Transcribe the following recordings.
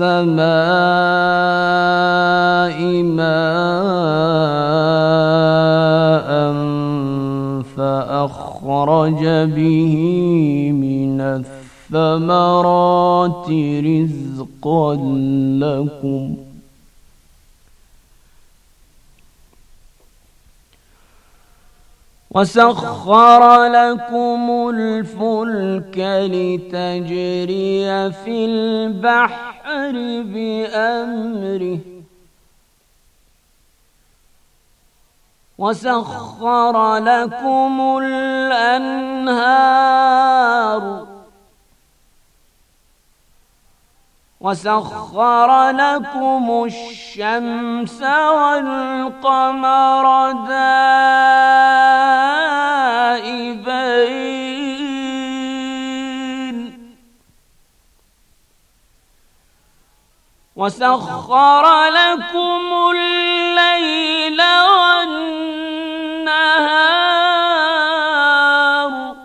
السماء ماء فأخرج به من الثمرات رزقا لكم وسخر لكم الفلك لتجري في البحر البحر بأمره وسخر لكم الأنهار وسخر لكم الشمس والقمر دار وسخر لكم الليل والنهار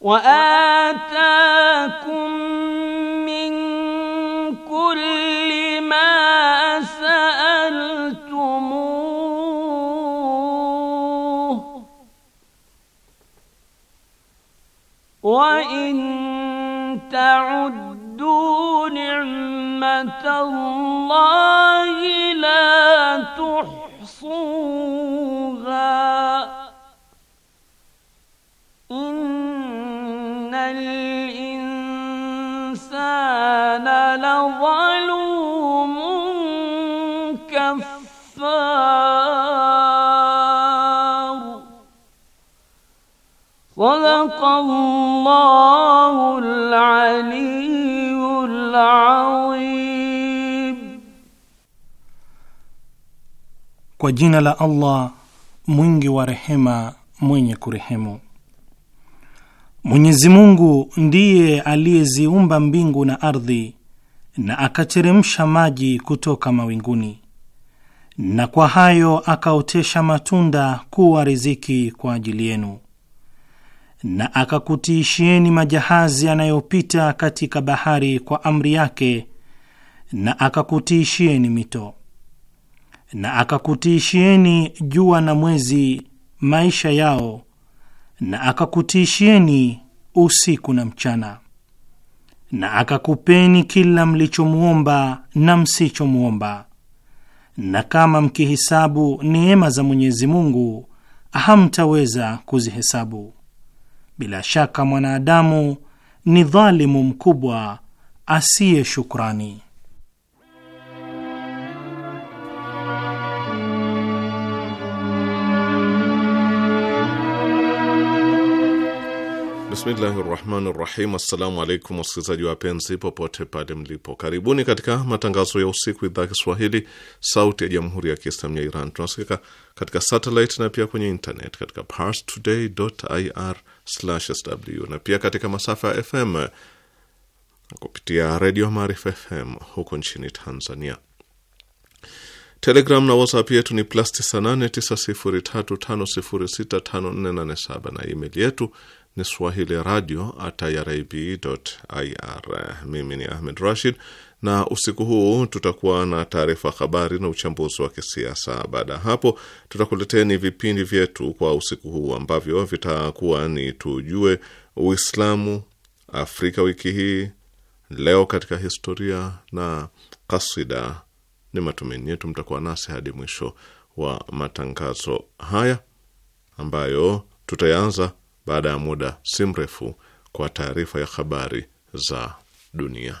وآتاكم من كل ما سألتموه وإن تعدوا نعمة الله لا تحصون Kwa jina la Allah mwingi wa rehema mwenye kurehemu. Mwenyezi Mungu ndiye aliyeziumba mbingu na ardhi na akateremsha maji kutoka mawinguni na kwa hayo akaotesha matunda kuwa riziki kwa ajili yenu na akakutiishieni majahazi yanayopita katika bahari kwa amri yake, na akakutiishieni mito, na akakutiishieni jua na mwezi maisha yao, na akakutiishieni usiku na mchana, na akakupeni kila mlichomwomba na msichomwomba. Na kama mkihisabu neema za Mwenyezi Mungu hamtaweza kuzihesabu. Bila shaka mwanadamu ni dhalimu mkubwa asiye shukrani. Bismillahi rahmani rahim. Assalamu alaikum wasikilizaji wapenzi, popote pale mlipo, karibuni katika matangazo ya usiku, idhaa Kiswahili sauti ya jamhuri ya Kiislamu ya Iran. Tunasikika katika satelit na pia kwenye internet katika parstoday.ir/sw na pia katika masafa ya FM kupitia redio Maarifa FM huko nchini Tanzania. Telegram na WhatsApp yetu ni plus 989035065487 na email yetu ni swahili radio at irib.ir. Mimi ni Ahmed Rashid, na usiku huu tutakuwa na taarifa habari na uchambuzi wa kisiasa. Baada ya hapo, tutakuleteni vipindi vyetu kwa usiku huu ambavyo vitakuwa ni tujue Uislamu Afrika wiki hii, leo katika historia na kasida. Ni matumaini yetu mtakuwa nasi hadi mwisho wa matangazo haya ambayo tutayaanza baada ya muda si mrefu kwa taarifa ya habari za dunia.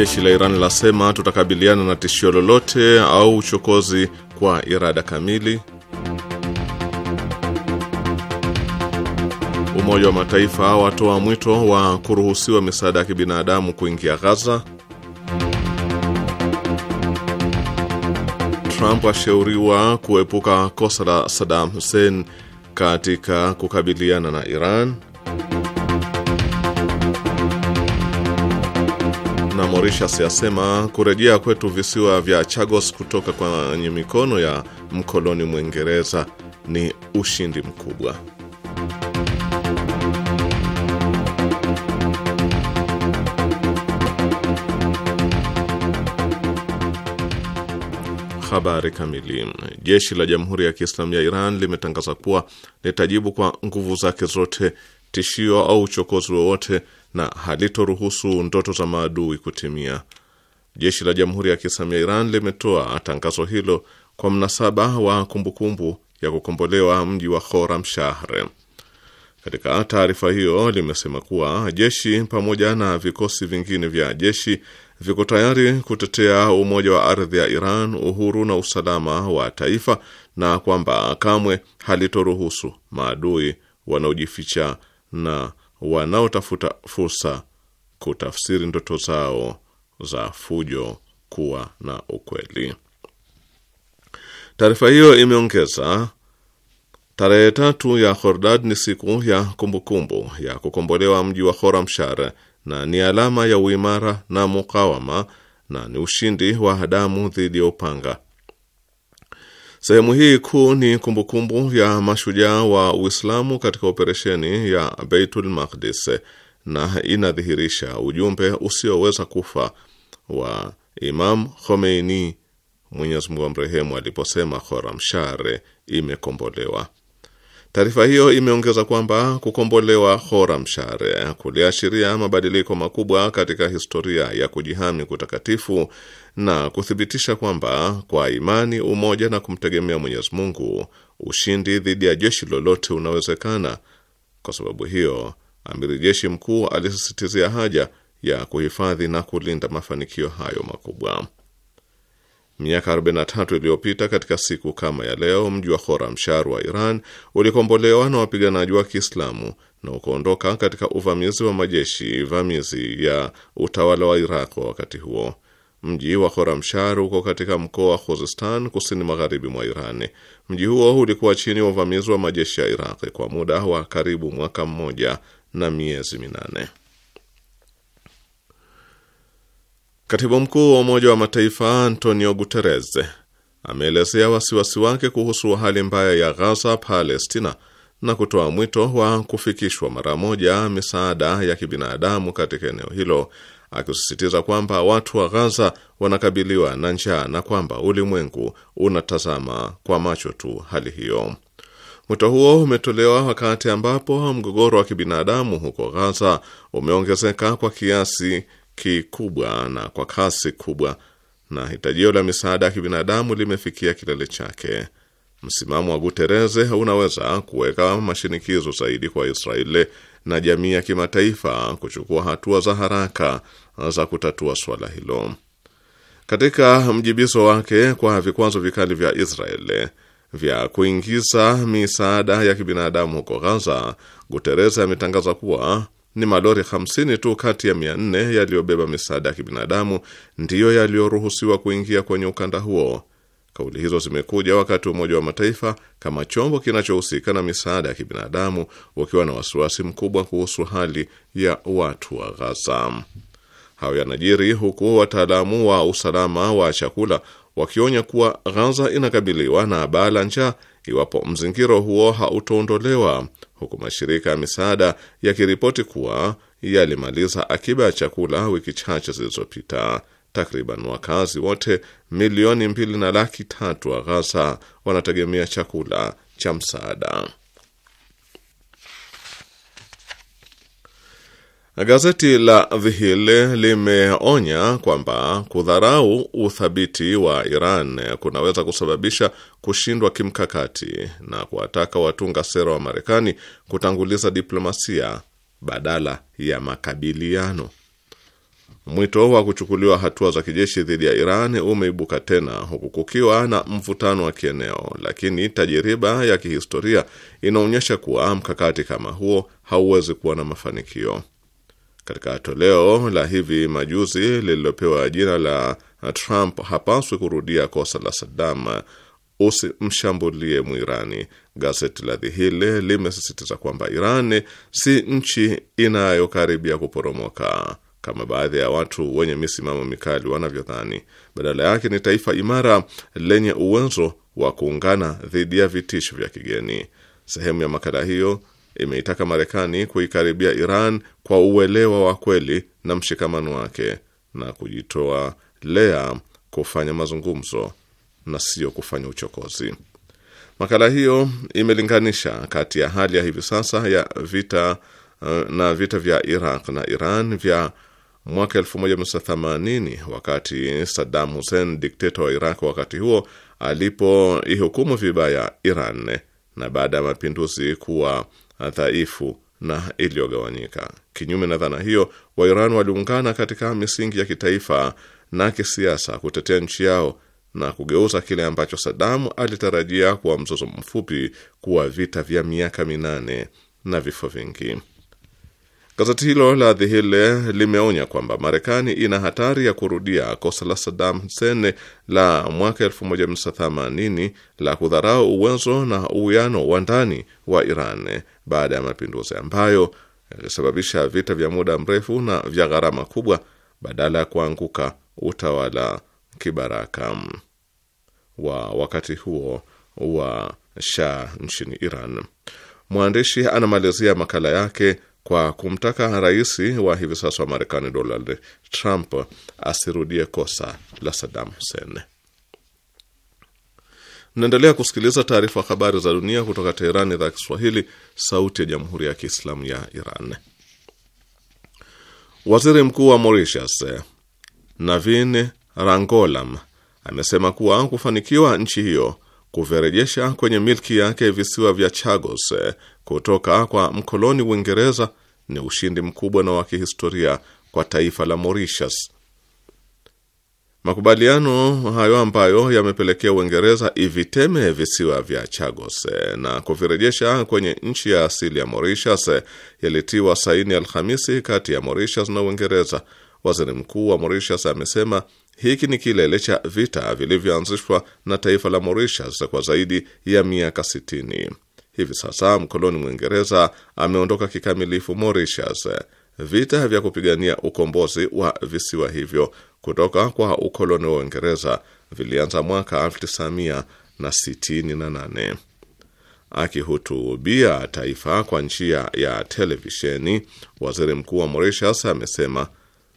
jeshi la Iran lasema tutakabiliana na tishio lolote au uchokozi kwa irada kamili. Umoja wa Mataifa watoa mwito wa kuruhusiwa misaada ya kibinadamu kuingia Gaza. Trump ashauriwa kuepuka kosa la Saddam Hussein katika kukabiliana na Iran. Mauritius yasema kurejea kwetu visiwa vya Chagos kutoka kwenye mikono ya mkoloni Mwingereza ni ushindi mkubwa. Habari kamili. Jeshi la Jamhuri ya Kiislamu ya Iran limetangaza kuwa litajibu kwa nguvu zake zote tishio au uchokozi wowote na halitoruhusu ndoto za maadui kutimia. Jeshi la Jamhuri ya Kiislamu ya Iran limetoa tangazo hilo kwa mnasaba wa kumbukumbu kumbu ya kukombolewa mji wa Khorramshahr. Katika taarifa hiyo limesema kuwa jeshi pamoja na vikosi vingine vya jeshi viko tayari kutetea umoja wa ardhi ya Iran, uhuru na usalama wa taifa, na kwamba kamwe halitoruhusu maadui wanaojificha na wanaotafuta fursa kutafsiri ndoto zao za fujo kuwa na ukweli. Taarifa hiyo imeongeza tarehe tatu ya Khordad ni siku ya kumbukumbu kumbu ya kukombolewa mji wa Horamshar na ni alama ya uimara na mukawama na ni ushindi wa damu dhidi ya upanga Sehemu hii kuu ni kumbukumbu kumbu ya mashujaa wa Uislamu katika operesheni ya Beitul Maqdis na inadhihirisha ujumbe usioweza kufa wa Imam Khomeini, Mwenyezi Mungu amrehemu, aliposema Khoramshare imekombolewa. Taarifa hiyo imeongeza kwamba kukombolewa mshare kuliashiria mabadiliko makubwa katika historia ya kujihami kutakatifu na kuthibitisha kwamba kwa imani, umoja na kumtegemea Mwenyezi Mungu, ushindi dhidi ya jeshi lolote unawezekana. Kwa sababu hiyo, amiri jeshi mkuu alisisitizia haja ya kuhifadhi na kulinda mafanikio hayo makubwa. Miaka 43 iliyopita katika siku kama ya leo, mji wa Khoramshar wa Iran ulikombolewa na wapiganaji wa Kiislamu na ukaondoka katika uvamizi wa majeshi vamizi ya utawala wa Iraq wa wakati huo. Mji wa Khoramshar uko katika mkoa wa Khuzistan kusini magharibi mwa Iran. Mji huo ulikuwa chini ya uvamizi wa majeshi ya Iraq kwa muda wa karibu mwaka mmoja na miezi minane. Katibu mkuu wa Umoja wa Mataifa Antonio Guterres ameelezea wasiwasi wake kuhusu hali mbaya ya Gaza, Palestina, na kutoa mwito wa kufikishwa mara moja misaada ya kibinadamu katika eneo hilo, akisisitiza kwamba watu wa Gaza wanakabiliwa na njaa na kwamba ulimwengu unatazama kwa macho tu hali hiyo. Mwito huo umetolewa wakati ambapo mgogoro wa kibinadamu huko Gaza umeongezeka kwa kiasi kikubwa na kwa kasi kubwa, na hitajio la misaada ya kibinadamu limefikia kilele chake. Msimamo wa Gutereze unaweza kuweka mashinikizo zaidi kwa Israeli na jamii ya kimataifa kuchukua hatua za haraka za kutatua suala hilo. Katika mjibizo wake kwa vikwazo vikali vya Israeli vya kuingiza misaada ya kibinadamu huko Gaza, Gutereze ametangaza kuwa ni malori 50 tu kati ya 400 yaliyobeba misaada ya kibinadamu ndiyo yaliyoruhusiwa kuingia kwenye ukanda huo. Kauli hizo zimekuja wakati Umoja wa Mataifa kama chombo kinachohusika na misaada ya kibinadamu ukiwa na wasiwasi mkubwa kuhusu hali ya watu wa Gaza. Hayo yanajiri huku wataalamu wa usalama wa chakula wakionya kuwa Gaza inakabiliwa na baa la njaa iwapo mzingiro huo hautoondolewa huku mashirika ya misaada yakiripoti kuwa yalimaliza akiba ya chakula wiki chache zilizopita. Takriban wakazi wote milioni mbili na laki tatu wa Ghaza wanategemea chakula cha msaada. Gazeti la The Hill limeonya kwamba kudharau uthabiti wa Iran kunaweza kusababisha kushindwa kimkakati na kuwataka watunga sera wa Marekani kutanguliza diplomasia badala ya makabiliano. Mwito wa kuchukuliwa hatua za kijeshi dhidi ya Iran umeibuka tena huku kukiwa na mvutano wa kieneo, lakini tajiriba ya kihistoria inaonyesha kuwa mkakati kama huo hauwezi kuwa na mafanikio. Katika toleo la hivi majuzi lililopewa jina la Trump hapaswi kurudia kosa la Saddam, usimshambulie Mwirani, gazeti la The Hill limesisitiza kwamba Iran si nchi inayokaribia kuporomoka kama baadhi ya watu wenye misimamo mikali wanavyodhani. Badala yake ni taifa imara lenye uwezo wa kuungana dhidi ya vitisho vya kigeni. Sehemu ya makala hiyo imeitaka Marekani kuikaribia Iran kwa uelewa wa kweli na mshikamano wake na kujitoa lea kufanya mazungumzo na sio kufanya uchokozi. Makala hiyo imelinganisha kati ya hali ya hivi sasa ya vita eh, na vita vya Iraq na Iran vya mwaka 1980 wakati Saddam Hussein, dikteta wa Iraq wakati huo, alipoihukumu vibaya Iran na baada ya mapinduzi kuwa dhaifu na iliyogawanyika. Kinyume na dhana hiyo, wairan waliungana katika misingi ya kitaifa na kisiasa kutetea nchi yao na kugeuza kile ambacho Sadamu alitarajia kuwa mzozo mfupi kuwa vita vya miaka minane na vifo vingi. Gazeti hilo la The Hill limeonya kwamba Marekani ina hatari ya kurudia kosa la Saddam Hussein la mwaka 1980 la kudharau uwezo na uwiano wa ndani wa Iran baada ya mapinduzi ambayo yalisababisha vita vya muda mrefu na vya gharama kubwa badala ya kuanguka utawala kibaraka wa wakati huo wa Shah nchini Iran. Mwandishi anamalizia makala yake kwa kumtaka rais wa hivi sasa wa Marekani Donald Trump asirudie kosa la Saddam Hussein. naendelea kusikiliza taarifa habari za dunia kutoka Teherani, idhaa ya Kiswahili, sauti ya jamhuri ya kiislamu ya Iran. Waziri mkuu wa Mauritius Navin Rangolam amesema kuwa kufanikiwa nchi hiyo kuvirejesha kwenye milki yake visiwa vya Chagos kutoka kwa mkoloni Uingereza ni ushindi mkubwa na wa kihistoria kwa taifa la Mauritius. Makubaliano hayo ambayo yamepelekea Uingereza iviteme visiwa vya Chagos na kuvirejesha kwenye nchi ya asili ya Mauritius yalitiwa saini Alhamisi kati ya Mauritius na Uingereza. Waziri mkuu wa Mauritius amesema hiki ni kilele cha vita vilivyoanzishwa na taifa la Mauritius kwa zaidi ya miaka sitini. Hivi sasa mkoloni Mwingereza ameondoka kikamilifu Mauritius. Vita vya kupigania ukombozi wa visiwa hivyo kutoka kwa ukoloni wa Uingereza vilianza mwaka 1968. Akihutubia taifa kwa njia ya televisheni, waziri mkuu wa Mauritius amesema,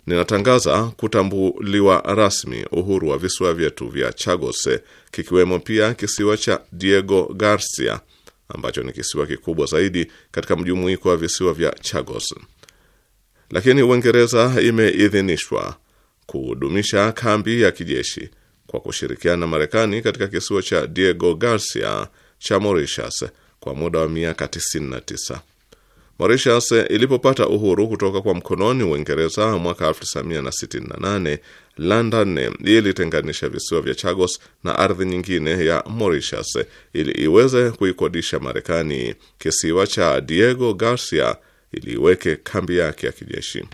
ninatangaza kutambuliwa rasmi uhuru wa visiwa vyetu vya Chagos, kikiwemo pia kisiwa cha Diego Garcia ambacho ni kisiwa kikubwa zaidi katika mjumuiko wa visiwa vya Chagos. Lakini Uingereza imeidhinishwa kudumisha kambi ya kijeshi kwa kushirikiana na Marekani katika kisiwa cha Diego Garcia cha Mauritius kwa muda wa miaka 99. Mauritius ilipopata uhuru kutoka kwa mkononi Uingereza mwaka 1968, London ilitenganisha visiwa vya Chagos na ardhi nyingine ya Mauritius ili iweze kuikodisha Marekani. Kisiwa cha Diego Garcia iliiweke kambi yake ya kijeshi.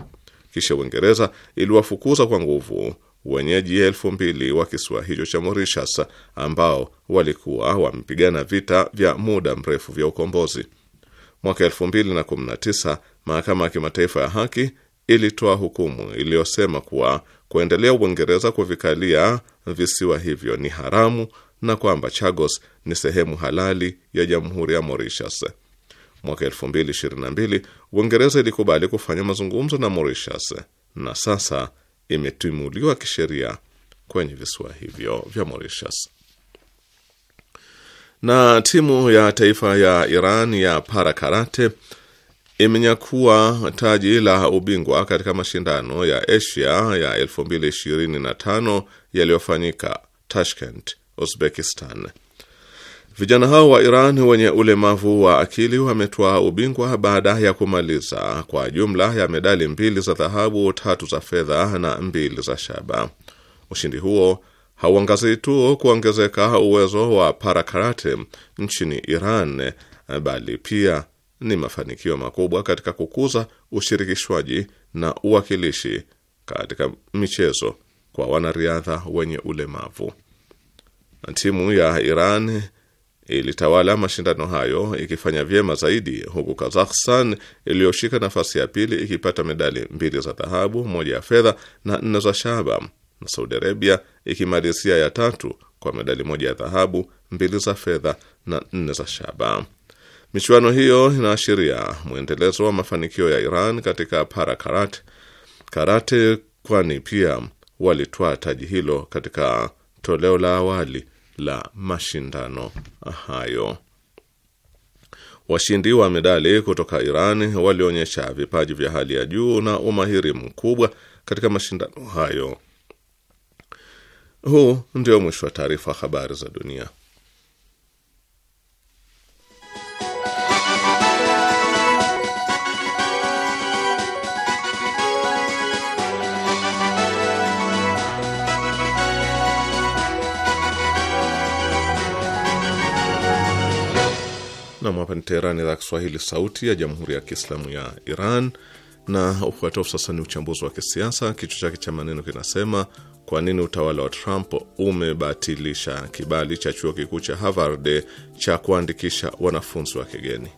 Kisha Uingereza iliwafukuza kwa nguvu wenyeji elfu mbili wa kisiwa hicho cha Mauritius ambao walikuwa wamepigana vita vya muda mrefu vya ukombozi. Mwaka 2019 mahakama ya kimataifa ya haki ilitoa hukumu iliyosema kuwa kuendelea Uingereza kuvikalia visiwa hivyo ni haramu na kwamba Chagos ni sehemu halali ya jamhuri ya Mauritius. Mwaka 2022 Uingereza ilikubali kufanya mazungumzo na Mauritius na sasa imetimuliwa kisheria kwenye visiwa hivyo vya Mauritius. Na timu ya taifa ya Iran ya para karate imenyakua taji la ubingwa katika mashindano ya Asia ya 2025 yaliyofanyika Tashkent, Uzbekistan. Vijana hao wa Iran wenye ulemavu wa akili wametoa ubingwa baada ya kumaliza kwa jumla ya medali mbili za dhahabu, tatu za fedha na mbili za shaba. Ushindi huo hauangazii tu kuongezeka uwezo wa parakarate nchini Iran, bali pia ni mafanikio makubwa katika kukuza ushirikishwaji na uwakilishi katika michezo kwa wanariadha wenye ulemavu. Timu ya Iran ilitawala mashindano hayo ikifanya vyema zaidi, huku Kazakhstan iliyoshika nafasi ya pili ikipata medali mbili za dhahabu, moja ya fedha na nne za shaba na Saudi Arabia ikimalizia ya tatu kwa medali moja ya dhahabu, mbili za fedha na nne za shaba. Michuano hiyo inaashiria mwendelezo wa mafanikio ya Iran katika para karate, karate kwani pia walitoa taji hilo katika toleo la awali la mashindano hayo. Washindi wa medali kutoka Iran walionyesha vipaji vya hali ya juu na umahiri mkubwa katika mashindano hayo huu ndio mwisho wa taarifa habari za dunia. Nam, hapa ni Teherani, idhaa Kiswahili, sauti ya jamhuri ya kiislamu ya Iran na ufuatao sasa ni uchambuzi wa kisiasa. Kichwa chake cha maneno kinasema kwa nini utawala wa Trump umebatilisha kibali cha chuo kikuu cha Harvard cha kuandikisha wanafunzi wa kigeni.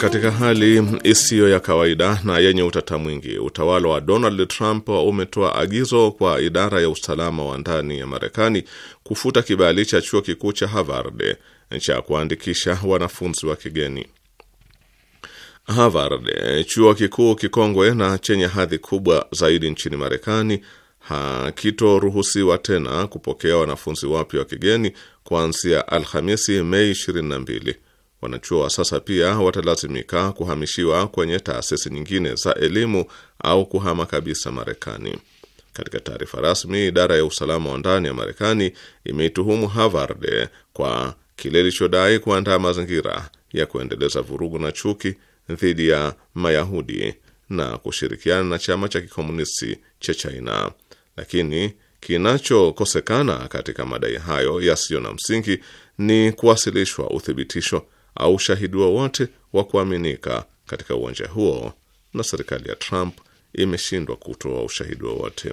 Katika hali isiyo ya kawaida na yenye utata mwingi, utawala wa Donald Trump umetoa agizo kwa idara ya usalama wa ndani ya Marekani kufuta kibali cha chuo kikuu cha Harvard cha kuandikisha wanafunzi wa kigeni. Harvard, chuo kikuu kikongwe na chenye hadhi kubwa zaidi nchini Marekani, hakitoruhusiwa tena kupokea wanafunzi wapya wa kigeni kuanzia Alhamisi, Mei 22. Wanachuo wa sasa pia watalazimika kuhamishiwa kwenye taasisi nyingine za elimu au kuhama kabisa Marekani. Katika taarifa rasmi, idara ya usalama wa ndani ya Marekani imeituhumu Harvard kwa kile ilichodai kuandaa mazingira ya kuendeleza vurugu na chuki dhidi ya Mayahudi na kushirikiana na chama cha kikomunisti cha China. Lakini kinachokosekana katika madai hayo yasiyo na msingi ni kuwasilishwa uthibitisho au ushahidi wowote wa kuaminika katika uwanja huo, na serikali ya Trump imeshindwa kutoa ushahidi wowote.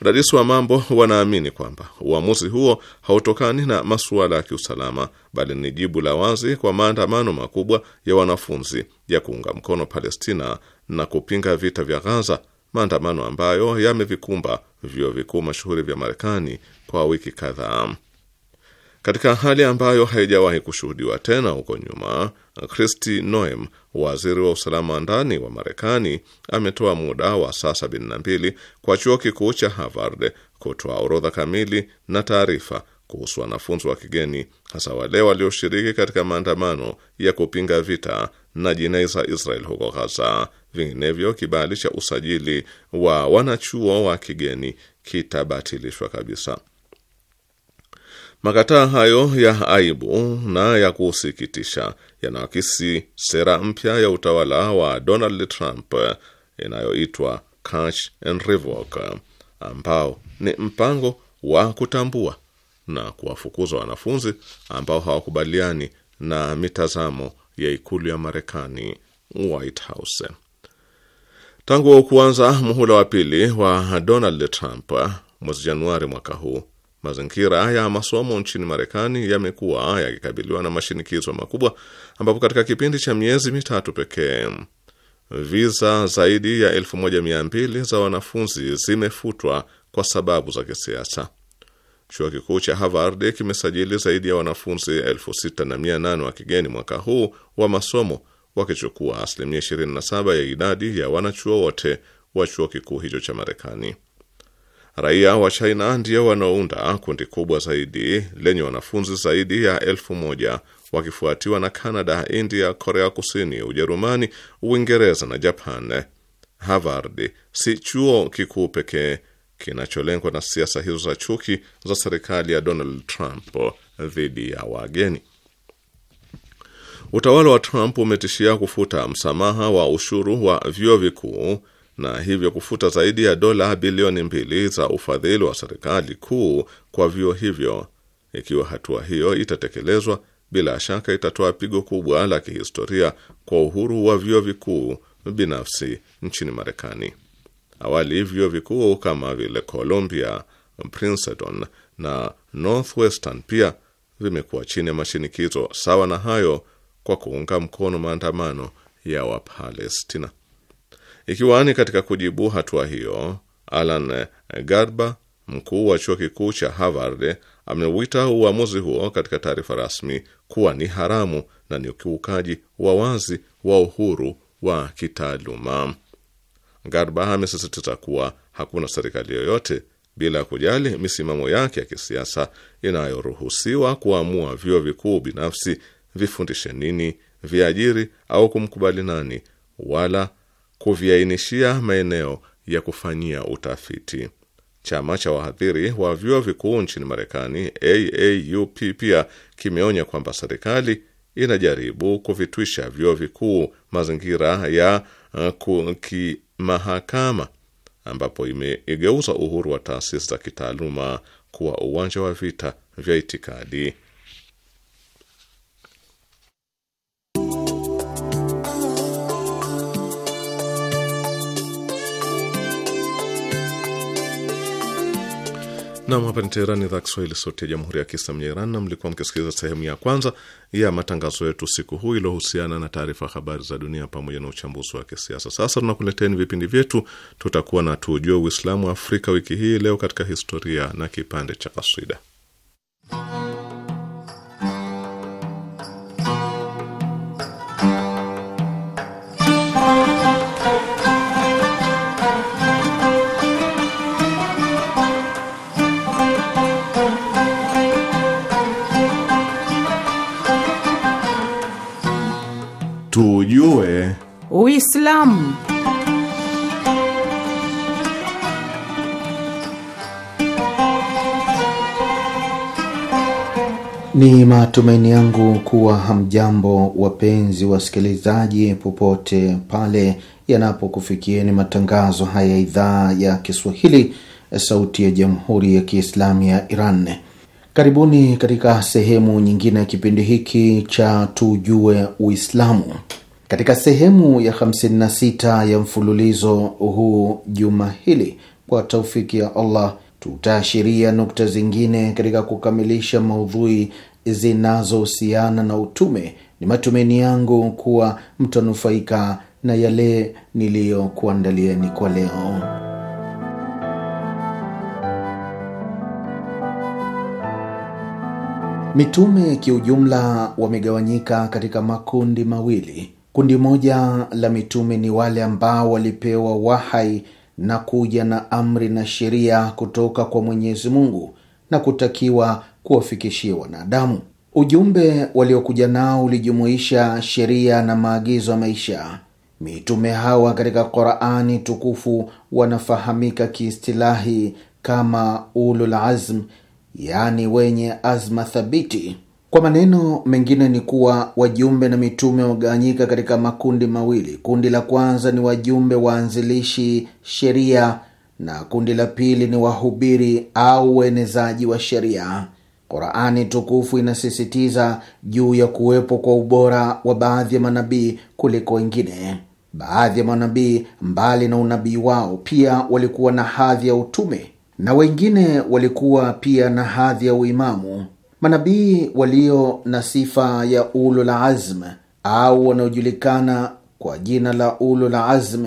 Wadadisi wa mambo wanaamini kwamba uamuzi huo hautokani na masuala ya kiusalama, bali ni jibu la wazi kwa maandamano makubwa ya wanafunzi ya kuunga mkono Palestina na kupinga vita vya Gaza, maandamano ambayo yamevikumba vyuo vikuu mashuhuri vya Marekani kwa wiki kadhaa katika hali ambayo haijawahi kushuhudiwa tena huko nyuma. Kristi Noem, waziri wa usalama wa ndani wa Marekani, ametoa muda wa saa 72 kwa chuo kikuu cha Harvard kutoa orodha kamili na taarifa kuhusu wanafunzi wa kigeni, hasa wale walioshiriki katika maandamano ya kupinga vita na jinai za Israel huko Gaza. Vinginevyo, kibali cha usajili wa wanachuo wa kigeni kitabatilishwa kabisa. Makataa hayo ya aibu na ya kusikitisha yanaakisi sera mpya ya utawala wa Donald Trump inayoitwa Catch and Revoke, ambao ni mpango wa kutambua na kuwafukuza wanafunzi ambao hawakubaliani na mitazamo ya ikulu ya Marekani, White House. Tangu kuanza muhula wa pili wa Donald Trump mwezi Januari mwaka huu Mazingira ya masomo nchini Marekani yamekuwa yakikabiliwa na mashinikizo makubwa, ambapo katika kipindi cha miezi mitatu pekee viza zaidi ya 1200 za wanafunzi zimefutwa kwa sababu za kisiasa. Chuo kikuu cha Harvard kimesajili zaidi ya wanafunzi 6800 wa kigeni mwaka huu wa masomo, wakichukua asilimia 27 ya idadi ya wanachuo wote wa chuo kikuu hicho cha Marekani. Raia wa China ndio wanaounda kundi kubwa zaidi lenye wanafunzi zaidi ya elfu moja wakifuatiwa na Canada, India, Korea Kusini, Ujerumani, Uingereza na Japan. Harvard si chuo kikuu pekee kinacholengwa na siasa hizo za chuki za serikali ya Donald Trump dhidi ya wageni. Utawala wa Trump umetishia kufuta msamaha wa ushuru wa vyuo vikuu na hivyo kufuta zaidi ya dola bilioni mbili za ufadhili wa serikali kuu kwa vyuo hivyo. Ikiwa hatua hiyo itatekelezwa, bila shaka itatoa pigo kubwa la kihistoria kwa uhuru wa vyuo vikuu binafsi nchini Marekani. Awali vyuo vikuu kama vile Columbia, Princeton na Northwestern pia vimekuwa chini ya mashinikizo sawa na hayo kwa kuunga mkono maandamano ya Wapalestina. Ikiwa ni katika kujibu hatua hiyo, Alan Garba, mkuu wa chuo kikuu cha Harvard, ameuita uamuzi huo katika taarifa rasmi kuwa ni haramu na ni ukiukaji wa wazi wa uhuru wa kitaaluma. Garba amesisitiza kuwa hakuna serikali yoyote bila kujali misimamo yake ya kisiasa inayoruhusiwa kuamua vyuo vikuu binafsi vifundishe nini, viajiri au kumkubali nani, wala kuviainishia maeneo ya kufanyia utafiti. Chama cha wahadhiri wa vyuo vikuu nchini Marekani, AAUP, pia kimeonya kwamba serikali inajaribu kuvitwisha vyuo vikuu mazingira ya eh, kimahakama, ambapo imeigeuza uhuru wa taasisi za kitaaluma kuwa uwanja wa vita vya itikadi Nam, hapa ni Teheran, idhaa Kiswahili, sauti ya jamhuri ya kiislamu ya Iran, na mlikuwa mkisikiliza sehemu ya kwanza ya matangazo yetu siku huu iliyohusiana na taarifa habari za dunia pamoja na uchambuzi wa kisiasa. Sasa tunakuleteni vipindi vyetu, tutakuwa na tujue Uislamu wa Afrika wiki hii, leo katika historia na kipande cha kaswida. Uislamu. Ni matumaini yangu kuwa hamjambo, wapenzi wasikilizaji, popote pale yanapokufikieni matangazo haya idhaa ya Kiswahili, sauti ya jamhuri ya kiislamu ya Iran. Karibuni katika sehemu nyingine ya kipindi hiki cha tujue Uislamu. Katika sehemu ya 56 ya mfululizo huu juma hili, kwa taufiki ya Allah, tutaashiria nukta zingine katika kukamilisha maudhui zinazohusiana na utume. Ni matumaini yangu kuwa mtanufaika na yale niliyokuandalieni kwa leo. Mitume kiujumla wamegawanyika katika makundi mawili. Kundi moja la mitume ni wale ambao walipewa wahai na kuja na amri na sheria kutoka kwa Mwenyezi Mungu na kutakiwa kuwafikishia wanadamu. Ujumbe waliokuja nao ulijumuisha sheria na maagizo ya maisha. Mitume hawa katika Qurani tukufu wanafahamika kiistilahi kama ulul azm, yaani wenye azma thabiti. Kwa maneno mengine ni kuwa wajumbe na mitume wamegawanyika katika makundi mawili. Kundi la kwanza ni wajumbe waanzilishi sheria na kundi la pili ni wahubiri au uenezaji wa sheria. Qurani tukufu inasisitiza juu ya kuwepo kwa ubora wa baadhi ya manabii kuliko wengine. Baadhi ya manabii, mbali na unabii wao, pia walikuwa na hadhi ya utume na wengine walikuwa pia na hadhi ya uimamu. Manabii walio na sifa ya ulul azm au wanaojulikana kwa jina la ulul azm,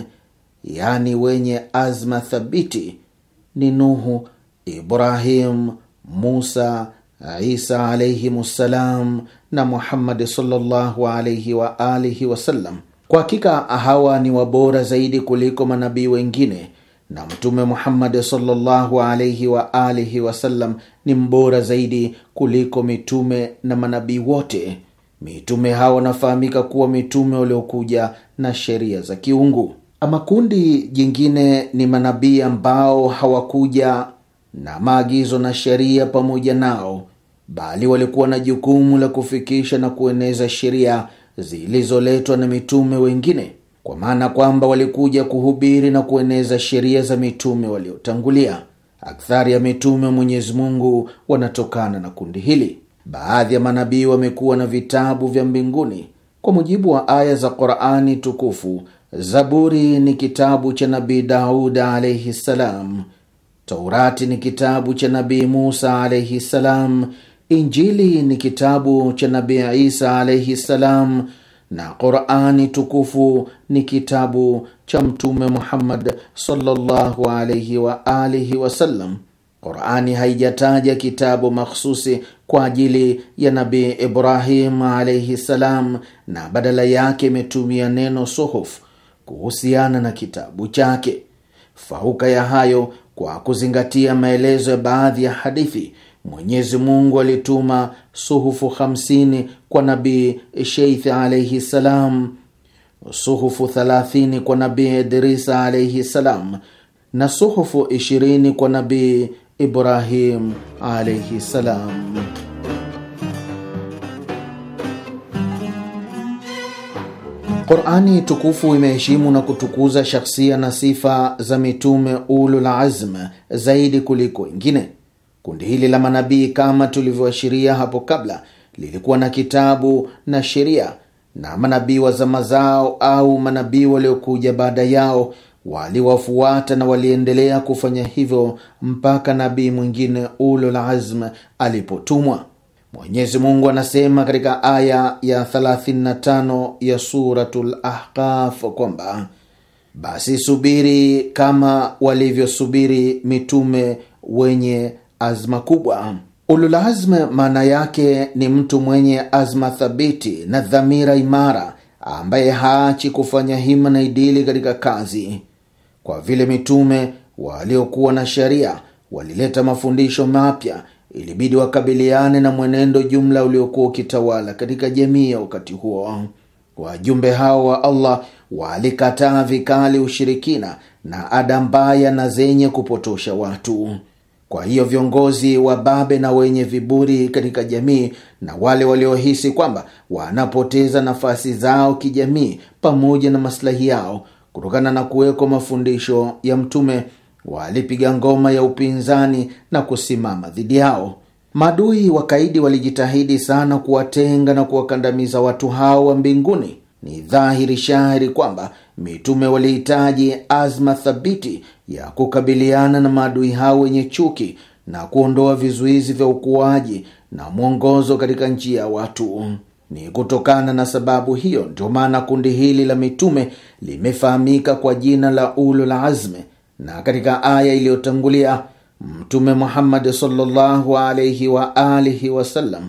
yaani wenye azma thabiti, ni Nuhu, Ibrahim, Musa, Isa alaihim ssalam na Muhammadi sallallahu alaihi wa alihi wasallam. Kwa hakika hawa ni wabora zaidi kuliko manabii wengine na Mtume Muhammad sallallahu alaihi wa alihi wasallam ni mbora zaidi kuliko mitume na manabii wote. Mitume hao wanafahamika kuwa mitume waliokuja na sheria za kiungu. Ama kundi jingine ni manabii ambao hawakuja na maagizo na sheria pamoja nao, bali walikuwa na jukumu la kufikisha na kueneza sheria zilizoletwa na mitume wengine kwa maana kwamba walikuja kuhubiri na kueneza sheria za mitume waliotangulia. Akthari ya mitume wa Mwenyezi Mungu wanatokana na kundi hili. Baadhi ya manabii wamekuwa na vitabu vya mbinguni kwa mujibu wa aya za Qurani Tukufu. Zaburi ni kitabu cha Nabii daudi alaihi ssalam, Taurati ni kitabu cha Nabii Musa alaihi ssalam, Injili ni kitabu cha Nabii Isa alaihi ssalam na Qurani tukufu ni kitabu cha Mtume Muhammad sallallahu alaihi wa alihi wasallam. Qurani haijataja kitabu makhususi kwa ajili ya nabi Ibrahim alaihi salam, na badala yake imetumia neno suhuf kuhusiana na kitabu chake. Fauka ya hayo, kwa kuzingatia maelezo ya baadhi ya hadithi Mwenyezi Mungu alituma suhufu 50 kwa Nabii Sheith alaihi salam, suhufu 30 kwa Nabii Idrisa alaihi salam na suhufu 20 kwa Nabii Ibrahim alaihi salam. Qurani tukufu imeheshimu na kutukuza shakhsia na sifa za mitume ulul azm zaidi kuliko wengine. Kundi hili la manabii kama tulivyoashiria hapo kabla lilikuwa na kitabu na sheria, na manabii wa zama zao au manabii waliokuja baada yao waliwafuata na waliendelea kufanya hivyo mpaka nabii mwingine ulul azm alipotumwa. Mwenyezi Mungu anasema katika aya ya 35 ya Suratul Ahqaf kwamba basi subiri kama walivyosubiri mitume wenye azma kubwa. Ululazma maana yake ni mtu mwenye azma thabiti na dhamira imara, ambaye haachi kufanya hima na idili katika kazi, kwa vile mitume waliokuwa na sheria walileta mafundisho mapya ilibidi wakabiliane na mwenendo jumla uliokuwa ukitawala katika jamii ya wakati huo. Wajumbe hao wa Allah walikataa vikali ushirikina na ada mbaya na zenye kupotosha watu. Kwa hiyo viongozi wa babe na wenye viburi katika jamii na wale waliohisi kwamba wanapoteza nafasi zao kijamii pamoja na masilahi yao kutokana na kuwekwa mafundisho ya Mtume walipiga ngoma ya upinzani na kusimama dhidi yao. Maadui wakaidi walijitahidi sana kuwatenga na kuwakandamiza watu hao wa mbinguni. Ni dhahiri shahiri kwamba mitume walihitaji azma thabiti ya kukabiliana na maadui hao wenye chuki na kuondoa vizuizi vya ukuaji na mwongozo katika njia ya watu. Ni kutokana na sababu hiyo ndio maana kundi hili la mitume limefahamika kwa jina la ulul azmi. Na katika aya iliyotangulia Mtume Muhammad sallallahu alaihi wa alihi wasallam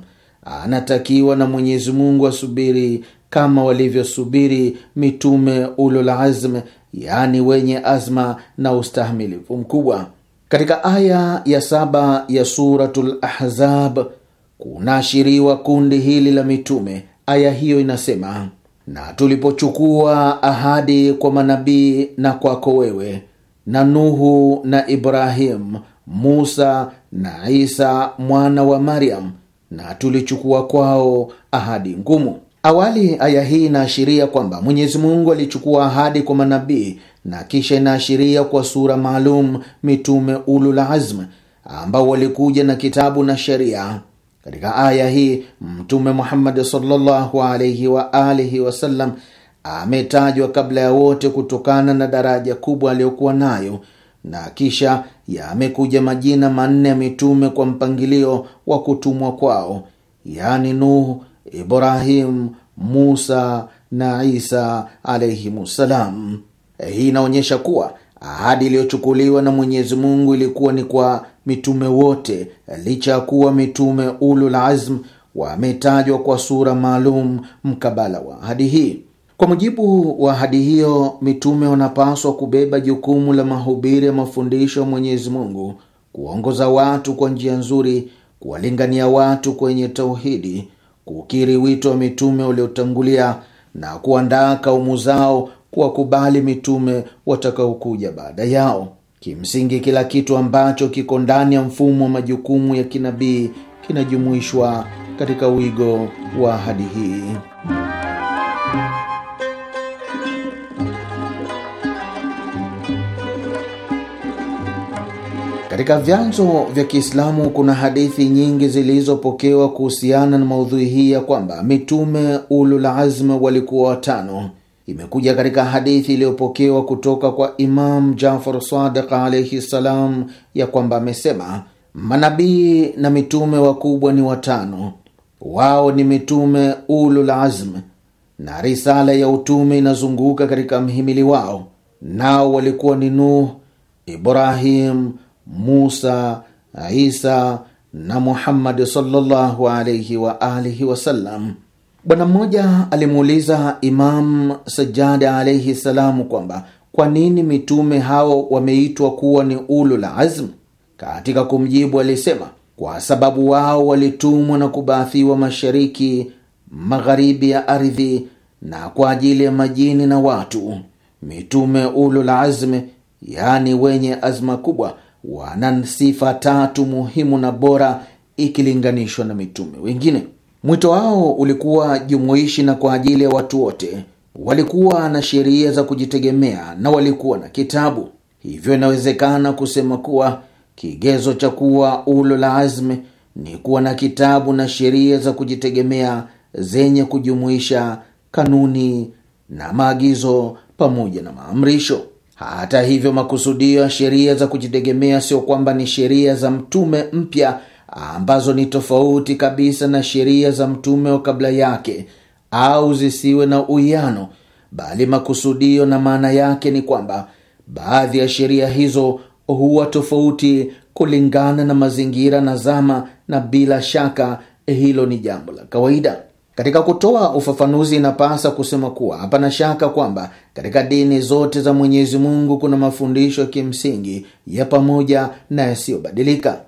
anatakiwa na Mwenyezi Mungu asubiri kama walivyosubiri mitume ulul azm, yani wenye azma na ustahimilivu mkubwa. Katika aya ya saba ya Suratul Ahzab kunaashiriwa kundi hili la mitume. Aya hiyo inasema, na tulipochukua ahadi kwa manabii na kwako wewe na Nuhu na ibrahim Musa na Isa mwana wa Maryam, na tulichukua kwao ahadi ngumu Awali aya hii inaashiria kwamba Mwenyezi Mungu alichukua ahadi kwa manabii na kisha inaashiria kwa sura maalum mitume ulul azm ambao walikuja na kitabu na sheria. Katika aya hii Mtume Muhammad sallallahu alaihi wa alihi wasallam ametajwa kabla ya wote kutokana na daraja kubwa aliyokuwa nayo, na kisha yamekuja majina manne ya mitume kwa mpangilio wa kutumwa kwao, yaani Nuhu, Ibrahim, Musa na Isa alaihimussalam. Eh, hii inaonyesha kuwa ahadi iliyochukuliwa na Mwenyezi Mungu ilikuwa ni kwa mitume wote, licha ya kuwa mitume ulul azm wametajwa kwa sura maalum mkabala wa ahadi hii. Kwa mujibu wa ahadi hiyo, mitume wanapaswa kubeba jukumu la mahubiri ya mafundisho ya Mwenyezi Mungu, kuwaongoza watu kwa njia nzuri, kuwalingania watu kwenye tauhidi kukiri wito wa mitume waliotangulia na kuandaa kaumu zao kuwakubali mitume watakaokuja baada yao. Kimsingi, kila kitu ambacho kiko ndani ya mfumo wa majukumu ya kinabii kinajumuishwa katika wigo wa ahadi hii. Katika vyanzo vya Kiislamu kuna hadithi nyingi zilizopokewa kuhusiana na maudhui hii ya kwamba mitume ulul azm walikuwa watano. Imekuja katika hadithi iliyopokewa kutoka kwa Imam Jafar Sadiq alaihi ssalam ya kwamba amesema, manabii na mitume wakubwa ni watano, wao ni mitume ulul azm, na risala ya utume inazunguka katika mhimili wao, nao walikuwa ni Nuh, Ibrahim Musa, Isa na Muhammadi sallallahu alaihi wa alihi wasallam. Bwana mmoja alimuuliza Imam sajadi alaihi salamu kwamba kwa nini mitume hao wameitwa kuwa ni ulul azm? Katika kumjibu alisema kwa sababu wao walitumwa na kubaathiwa mashariki, magharibi ya ardhi na kwa ajili ya majini na watu. Mitume ulul azm, yaani wenye azma kubwa wana sifa tatu muhimu na bora ikilinganishwa na mitume wengine. Mwito wao ulikuwa jumuishi na kwa ajili ya watu wote, walikuwa na sheria za kujitegemea na walikuwa na kitabu. Hivyo inawezekana kusema kuwa kigezo cha kuwa ulo la azmi ni kuwa na kitabu na sheria za kujitegemea zenye kujumuisha kanuni na maagizo pamoja na maamrisho. Hata hivyo, makusudio ya sheria za kujitegemea sio kwamba ni sheria za mtume mpya ambazo ni tofauti kabisa na sheria za mtume wa kabla yake au zisiwe na uwiano, bali makusudio na maana yake ni kwamba baadhi ya sheria hizo huwa tofauti kulingana na mazingira na zama, na bila shaka hilo ni jambo la kawaida. Katika kutoa ufafanuzi, inapasa kusema kuwa hapana shaka kwamba katika dini zote za Mwenyezi Mungu kuna mafundisho ya kimsingi ya pamoja na yasiyobadilika.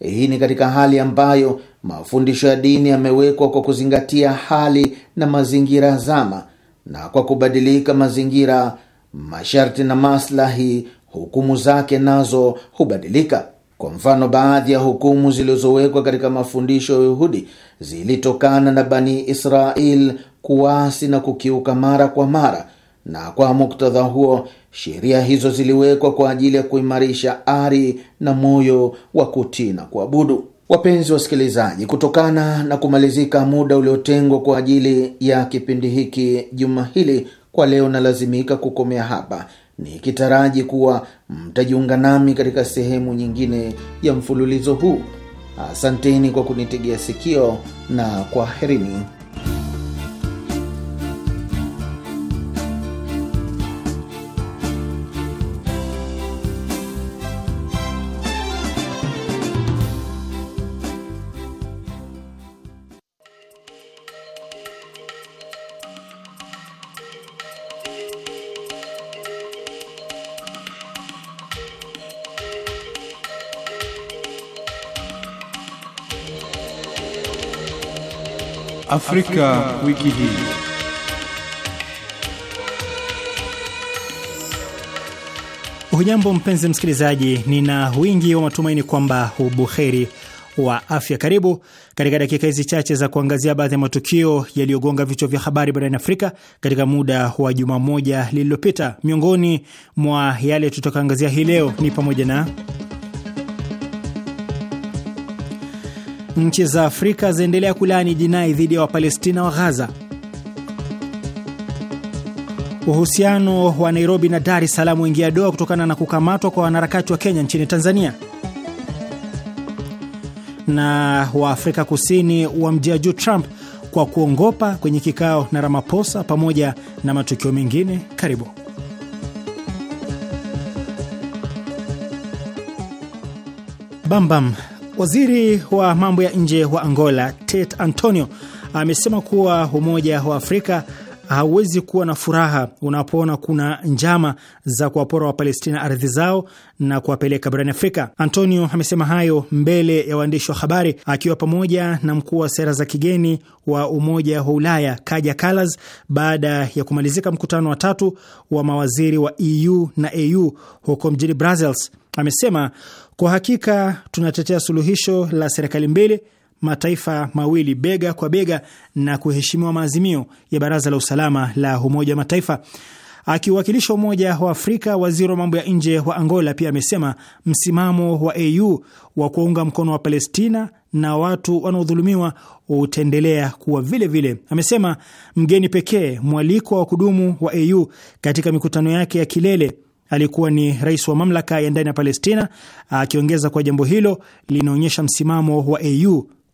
Hii ni katika hali ambayo mafundisho ya dini yamewekwa kwa kuzingatia hali na mazingira zama, na kwa kubadilika mazingira, masharti na maslahi, hukumu zake nazo hubadilika. Kwa mfano, baadhi ya hukumu zilizowekwa katika mafundisho ya Uyahudi zilitokana na Bani Israel kuasi na kukiuka mara kwa mara, na kwa muktadha huo sheria hizo ziliwekwa kwa ajili ya kuimarisha ari na moyo wa kutii na kuabudu. Wapenzi wasikilizaji, kutokana na kumalizika muda uliotengwa kwa ajili ya kipindi hiki juma hili, kwa leo nalazimika kukomea hapa nikitaraji kuwa mtajiunga nami katika sehemu nyingine ya mfululizo huu. Asanteni kwa kunitegea sikio na kwaherini. Afrika, Afrika wiki hii. Hujambo mpenzi msikilizaji, nina wingi wa matumaini kwamba ubuheri wa afya. Karibu katika dakika hizi chache za kuangazia baadhi ya matukio yaliyogonga vichwa vya habari barani Afrika katika muda wa juma moja lililopita. Miongoni mwa yale tutakaangazia hii leo ni pamoja na Nchi za Afrika zaendelea kulaani jinai dhidi ya Wapalestina wa Ghaza. Uhusiano wa Nairobi na Dar es Salaam waingia doa kutokana na kukamatwa kwa wanaharakati wa Kenya nchini Tanzania, na Waafrika Kusini wamjia juu Trump kwa kuongopa kwenye kikao na Ramaphosa, pamoja na matukio mengine. Karibu. Bambam bam. Waziri wa mambo ya nje wa Angola Tete Antonio amesema kuwa Umoja wa Afrika hauwezi kuwa na furaha unapoona kuna njama za kuwapora Wapalestina ardhi zao na kuwapeleka barani Afrika. Antonio amesema hayo mbele ya waandishi wa habari akiwa pamoja na mkuu wa sera za kigeni wa Umoja wa Ulaya Kaja kalas baada ya kumalizika mkutano wa tatu wa mawaziri wa EU na AU huko mjini Brussels. Amesema kwa hakika tunatetea suluhisho la serikali mbili mataifa mawili bega kwa bega na kuheshimiwa maazimio ya Baraza la Usalama la Umoja wa Mataifa. Akiwakilisha Umoja wa Afrika, waziri wa mambo ya nje wa Angola pia amesema msimamo wa AU wa kuwaunga mkono wa Palestina na watu wanaodhulumiwa utaendelea kuwa vile vile. Amesema mgeni pekee mwaliko wa kudumu wa AU katika mikutano yake ya kilele alikuwa ni rais wa mamlaka ya ndani ya Palestina, akiongeza kwa jambo hilo linaonyesha msimamo wa AU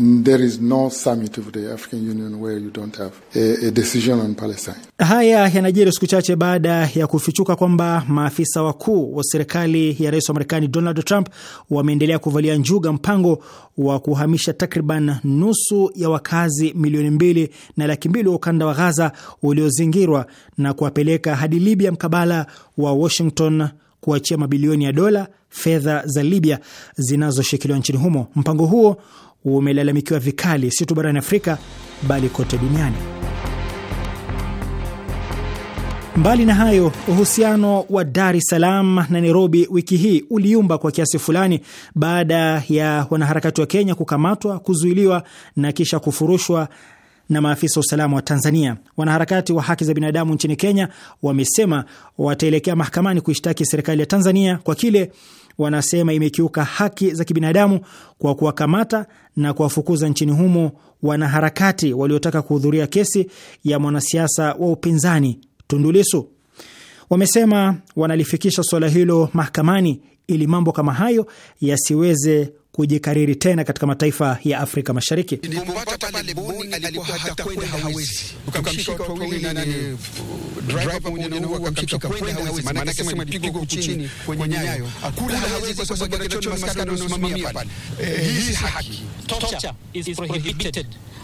There is no summit of the African Union where you don't have a, a decision on Palestine. Haya yanajiri siku chache baada ya kufichuka kwamba maafisa wakuu wa serikali ya Rais wa Marekani Donald Trump wameendelea kuvalia njuga mpango wa kuhamisha takriban nusu ya wakazi milioni mbili na laki mbili wa ukanda wa Gaza uliozingirwa na kuwapeleka hadi Libya mkabala wa Washington kuachia mabilioni ya dola fedha za Libya zinazoshikiliwa nchini humo. Mpango huo umelalamikiwa vikali si tu barani Afrika bali kote duniani. Mbali na hayo, uhusiano wa Dar es Salaam na Nairobi wiki hii uliumba kwa kiasi fulani baada ya wanaharakati wa Kenya kukamatwa, kuzuiliwa na kisha kufurushwa na maafisa wa usalama wa Tanzania. Wanaharakati wa haki za binadamu nchini Kenya wamesema wataelekea mahakamani kuishtaki serikali ya Tanzania kwa kile wanasema imekiuka haki za kibinadamu kwa kuwakamata na kuwafukuza nchini humo wanaharakati waliotaka kuhudhuria kesi ya mwanasiasa wa upinzani tundulisu Wamesema wanalifikisha suala hilo mahakamani ili mambo kama hayo yasiweze kujikariri tena katika mataifa ya Afrika Mashariki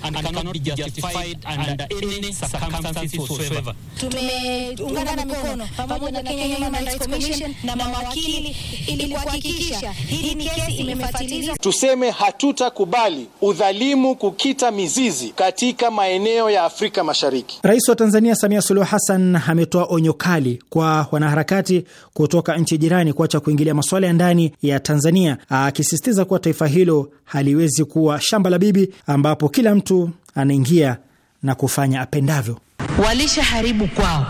and cannot be justified under any circumstances whatsoever. Tumeungana mikono pamoja na Kenya Human Rights Commission na mawakili ili kuhakikisha hii ni kesi imefuatilizwa. Tuseme hatutakubali udhalimu kukita mizizi katika maeneo ya Afrika Mashariki. Rais wa Tanzania Samia Suluhu Hassan ametoa onyo kali kwa wanaharakati kutoka nchi jirani kuacha kuingilia masuala ya ndani ya Tanzania, akisisitiza kuwa taifa hilo haliwezi kuwa shamba la bibi ambapo kila mtu mtu anaingia na kufanya apendavyo. Walishaharibu kwao,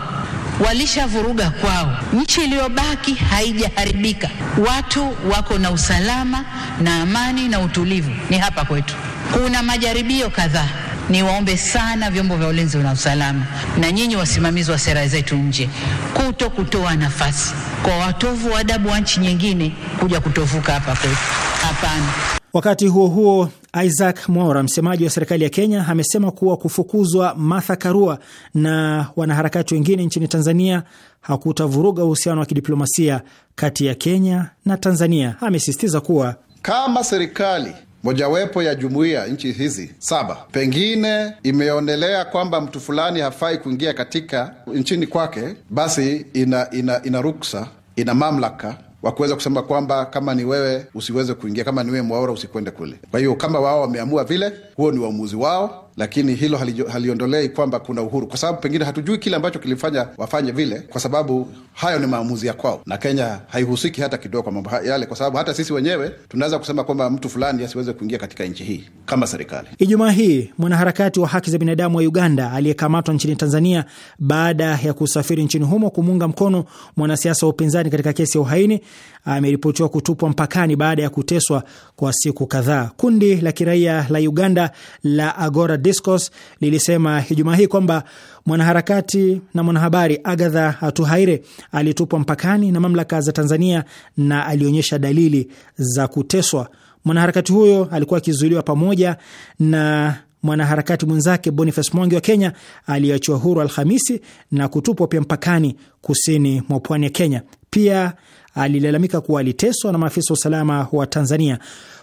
walishavuruga kwao. Nchi iliyobaki haijaharibika, watu wako na usalama na amani na utulivu, ni hapa kwetu. Kuna majaribio kadhaa. Niwaombe sana vyombo vya ulinzi na usalama na nyinyi wasimamizi wa sera zetu nje, kuto kutoa nafasi kwa watovu wa adabu wa nchi nyingine kuja kutovuka hapa kwetu. Hapana. Wakati huo huo, Isaac Mwaura, msemaji wa serikali ya Kenya, amesema kuwa kufukuzwa Martha Karua na wanaharakati wengine nchini Tanzania hakutavuruga uhusiano wa kidiplomasia kati ya Kenya na Tanzania. Amesisitiza kuwa kama serikali mojawapo ya jumuiya nchi hizi saba pengine imeonelea kwamba mtu fulani hafai kuingia katika nchini kwake, basi ina, ina, ina ruksa ina mamlaka wa kuweza kusema kwamba kama ni wewe usiweze kuingia, kama ni wewe mwaora usikwende kule. Kwa hiyo kama wao wameamua vile, huo ni uamuzi wao lakini hilo haliondolei kwamba kuna uhuru, kwa sababu pengine hatujui kile ambacho kilifanya wafanye vile, kwa sababu hayo ni maamuzi ya kwao, na Kenya haihusiki hata kidogo kwa mambo yale, kwa sababu hata sisi wenyewe tunaweza kusema kwamba mtu fulani asiweze kuingia katika nchi hii kama serikali. Ijumaa hii mwanaharakati wa haki za binadamu wa Uganda aliyekamatwa nchini Tanzania baada ya kusafiri nchini humo kumuunga mkono mwanasiasa wa upinzani katika kesi ya uhaini ameripotiwa kutupwa mpakani baada ya kuteswa kwa siku kadhaa. Kundi la kiraia la Uganda la Agora Discos lilisema Ijumaa hii kwamba mwanaharakati na mwanahabari Agatha Atuhaire alitupwa mpakani na mamlaka za Tanzania na alionyesha dalili za kuteswa. Mwanaharakati huyo alikuwa akizuiliwa pamoja na mwanaharakati mwenzake Boniface Mwangi wa Kenya aliyeachiwa huru Alhamisi na kutupwa pia mpakani kusini mwa pwani ya Kenya. Pia alilalamika kuwa aliteswa na maafisa wa usalama wa Tanzania.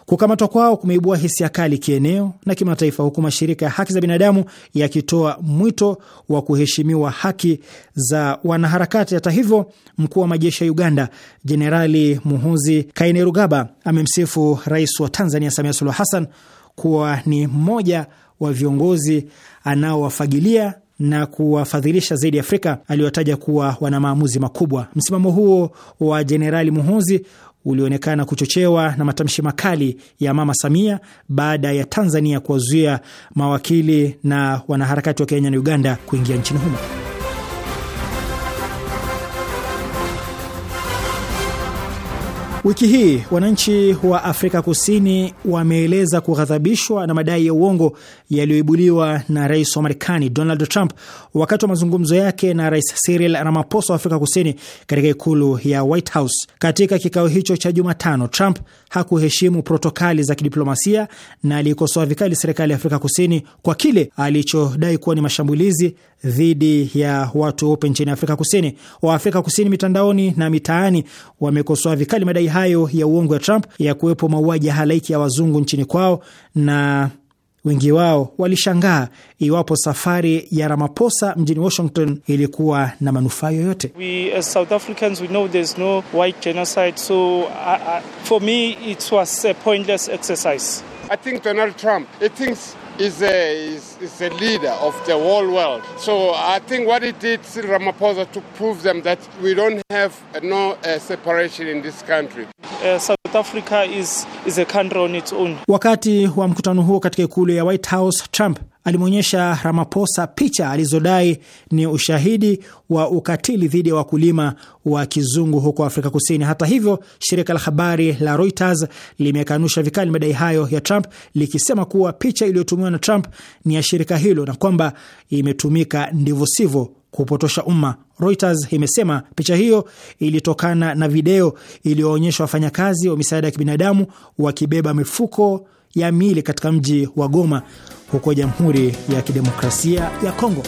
Kukamatwa kwao kumeibua hisia kali kieneo na kimataifa, huku mashirika ya haki za binadamu yakitoa mwito wa kuheshimiwa haki za wanaharakati. Hata hivyo, mkuu wa majeshi ya Uganda Jenerali muhuzi Kainerugaba amemsifu rais wa Tanzania Samia Suluhu Hassan kuwa ni mmoja wa viongozi anaowafagilia na kuwafadhilisha zaidi Afrika aliyowataja kuwa wana maamuzi makubwa. Msimamo huo wa Jenerali Muhuzi ulionekana kuchochewa na matamshi makali ya Mama Samia baada ya Tanzania kuwazuia mawakili na wanaharakati wa Kenya na Uganda kuingia nchini humo. Wiki hii wananchi wa Afrika Kusini wameeleza kughadhabishwa na madai ya uongo yaliyoibuliwa na rais wa Marekani Donald Trump wakati wa mazungumzo yake na Rais Cyril Ramaphosa wa Afrika Kusini katika ikulu ya White House. Katika kikao hicho cha Jumatano, Trump hakuheshimu protokali za kidiplomasia na aliikosoa vikali serikali ya Afrika Kusini kwa kile alichodai kuwa ni mashambulizi dhidi ya watu weupe nchini Afrika Kusini. Waafrika Kusini mitandaoni na mitaani wamekosoa vikali madai hayo ya uongo ya Trump ya kuwepo mauaji ya halaiki ya wazungu nchini kwao, na wengi wao walishangaa iwapo safari ya Ramaphosa mjini Washington ilikuwa na manufaa yoyote. I think Donald Trump, he thinks is a, he's, he's a leader of the whole world. So I think what he did, Ramaphosa, to prove them that we don't have no uh, separation in this country. Uh, South Africa is, is a country on its own. Wakati wa mkutano huo katika ikulu ya White House, Trump alimwonyesha Ramaphosa picha alizodai ni ushahidi wa ukatili dhidi ya wakulima wa kizungu huko Afrika Kusini. Hata hivyo, shirika la habari la Reuters limekanusha vikali madai hayo ya Trump likisema kuwa picha iliyotumiwa na Trump ni ya shirika hilo na kwamba imetumika ndivyo sivyo kupotosha umma. Reuters imesema picha hiyo ilitokana na video iliyoonyesha wafanyakazi wa misaada ya kibinadamu wakibeba mifuko ya miili katika mji wa Goma huko Jamhuri ya Kidemokrasia ya Kongo.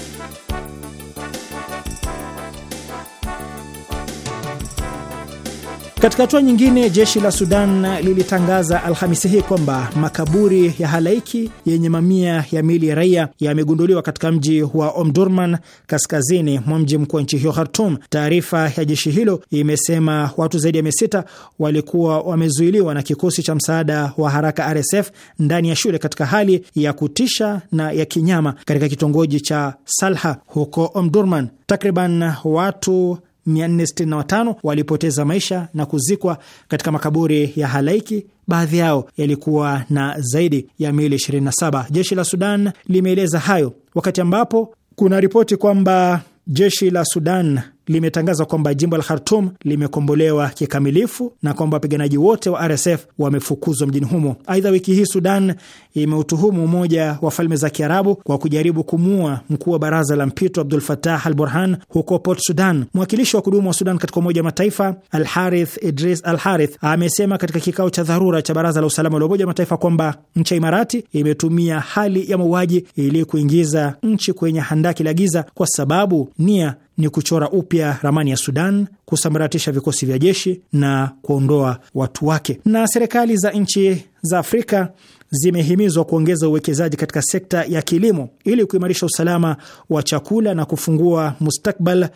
Katika hatua nyingine, jeshi la Sudan lilitangaza Alhamisi hii kwamba makaburi ya halaiki yenye mamia ya miili ya raia yamegunduliwa katika mji wa Omdurman, kaskazini mwa mji mkuu wa nchi hiyo Khartum. Taarifa ya jeshi hilo imesema watu zaidi ya mia sita walikuwa wamezuiliwa na kikosi cha msaada wa haraka RSF ndani ya shule katika hali ya kutisha na ya kinyama katika kitongoji cha Salha huko Omdurman. Takriban watu 465 walipoteza maisha na kuzikwa katika makaburi ya halaiki. Baadhi yao yalikuwa na zaidi ya miili 27. Jeshi la Sudan limeeleza hayo wakati ambapo kuna ripoti kwamba jeshi la Sudan limetangaza kwamba jimbo la Khartum limekombolewa kikamilifu na kwamba wapiganaji wote wa RSF wamefukuzwa mjini humo. Aidha, wiki hii Sudan imeutuhumu Umoja wa Falme za Kiarabu kwa kujaribu kumua mkuu wa baraza la mpito Abdul Fatah al Burhan huko Port Sudan. Mwakilishi wa kudumu wa Sudan katika Umoja wa Mataifa alharith Idris al Harith amesema katika kikao cha dharura cha Baraza la Usalama la Umoja wa Mataifa kwamba nchi ya Imarati imetumia hali ya mauaji ili kuingiza nchi kwenye handaki la giza kwa sababu nia ni kuchora upya ramani ya Sudan, kusambaratisha vikosi vya jeshi na kuondoa watu wake. Na serikali za nchi za Afrika zimehimizwa kuongeza uwekezaji katika sekta ya kilimo ili kuimarisha usalama wa chakula na kufungua mustakbal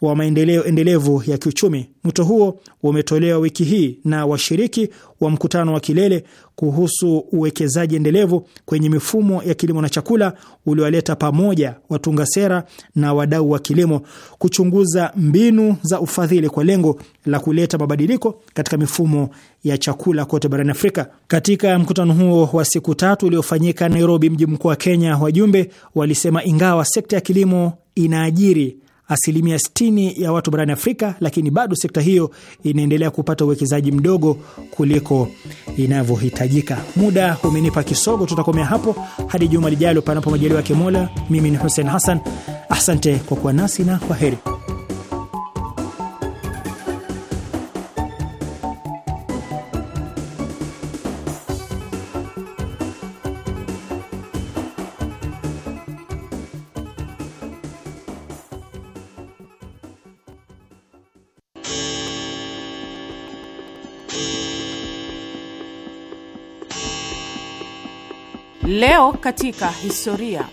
wa maendeleo endelevu ya kiuchumi. Mwito huo umetolewa wiki hii na washiriki wa mkutano wa kilele kuhusu uwekezaji endelevu kwenye mifumo ya kilimo na chakula uliowaleta pamoja watunga sera na wadau wa kilimo kuchunguza mbinu za ufadhili kwa lengo la kuleta mabadiliko katika mifumo ya chakula kote barani Afrika. Katika mkutano huo wa siku tatu uliofanyika Nairobi, mji mkuu wa Kenya, wajumbe walisema ingawa sekta ya kilimo inaajiri asilimia 60 ya watu barani Afrika, lakini bado sekta hiyo inaendelea kupata uwekezaji mdogo kuliko inavyohitajika. Muda umenipa kisogo, tutakomea hapo hadi juma lijalo, panapo majaliwa ya Mola. Mimi ni Hussein Hassan, asante kwa kuwa nasi na kwa heri. Leo katika historia.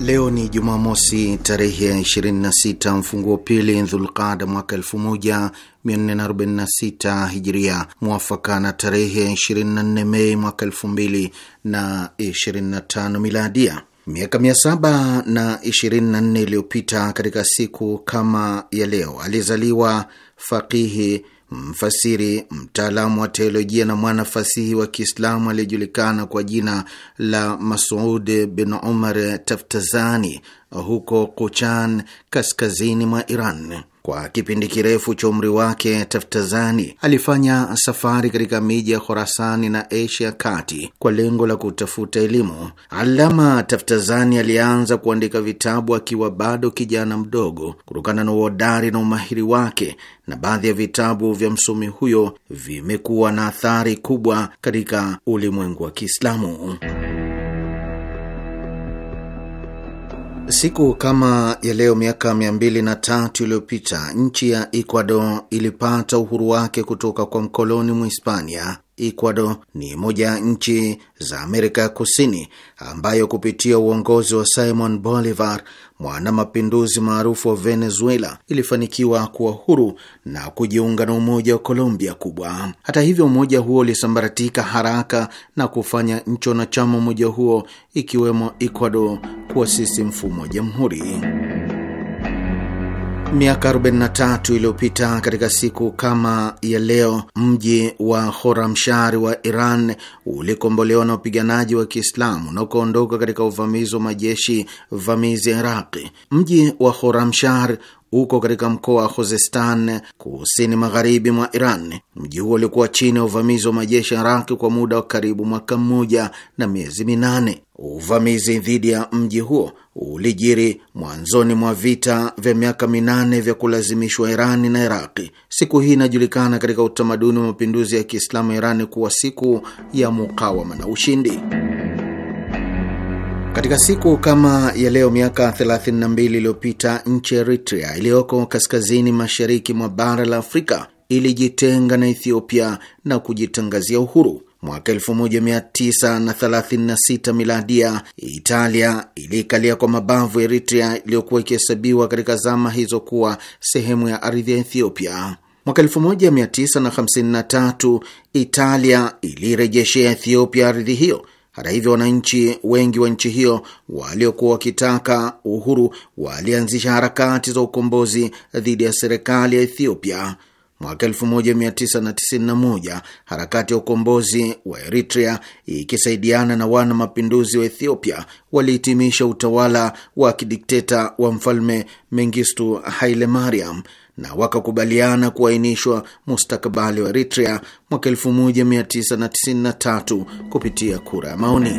Leo ni Jumamosi tarehe ya 26 mfunguo pili Dhulqada mwaka 1446 Hijria, mwafaka na tarehe 24 Mei mwaka 2025 Miladia. Miaka mia saba na ishirini na nne iliyopita katika siku kama ya leo alizaliwa faqihi mfasiri, mtaalamu wa teolojia na mwanafasihi wa Kiislamu aliyejulikana kwa jina la Masud bin Umar Taftazani huko Kuchan, kaskazini mwa Iran. Kwa kipindi kirefu cha umri wake, Taftazani alifanya safari katika miji ya Khorasani na Asia Kati kwa lengo la kutafuta elimu. Alama Taftazani alianza kuandika vitabu akiwa bado kijana mdogo, kutokana na uhodari na umahiri wake, na baadhi ya vitabu vya msomi huyo vimekuwa na athari kubwa katika ulimwengu wa Kiislamu. Siku kama ya leo miaka mia mbili na tatu iliyopita nchi ya Ecuador ilipata uhuru wake kutoka kwa mkoloni Mhispania Ecuador ni moja ya nchi za Amerika ya Kusini ambayo kupitia uongozi wa Simon Bolivar, mwana mapinduzi maarufu wa Venezuela, ilifanikiwa kuwa huru na kujiunga na umoja wa Colombia kubwa. Hata hivyo, umoja huo ulisambaratika haraka na kufanya nchi wanachama umoja huo ikiwemo Ecuador kuasisi mfumo wa jamhuri. Miaka 43 iliyopita katika siku kama ya leo, mji wa Horamshari wa Iran ulikombolewa na wapiganaji wa Kiislamu na ukaondoka katika uvamizi wa majeshi vamizi ya Iraqi. Mji wa Horamshar uko katika mkoa wa Khuzestan kusini magharibi mwa Iran. Mji huo ulikuwa chini ya uvamizi wa majeshi ya Iraqi kwa muda wa karibu mwaka mmoja na miezi minane. Uvamizi dhidi ya mji huo ulijiri mwanzoni mwa vita vya miaka minane vya kulazimishwa Irani na Iraqi. Siku hii inajulikana katika utamaduni wa mapinduzi ya Kiislamu ya Irani kuwa siku ya mukawama na ushindi. Katika siku kama ya leo miaka 32 iliyopita nchi ya Eritrea iliyoko kaskazini mashariki mwa bara la Afrika ilijitenga na Ethiopia na kujitangazia uhuru. Mwaka 1936 miladia, Italia iliikalia kwa mabavu Eritrea iliyokuwa ikihesabiwa katika zama hizo kuwa sehemu ya ardhi ya Ethiopia. Mwaka 1953 Italia ilirejeshea Ethiopia ardhi hiyo hata hivyo, wananchi wengi wa nchi hiyo waliokuwa wakitaka uhuru walianzisha harakati za ukombozi dhidi ya serikali ya Ethiopia. Mwaka 1991 harakati ya ukombozi wa Eritrea ikisaidiana na wana mapinduzi wa Ethiopia walihitimisha utawala wa kidikteta wa mfalme Mengistu Haile Mariam na wakakubaliana kuainishwa mustakabali wa Eritrea mwaka 1993 kupitia kura ya maoni.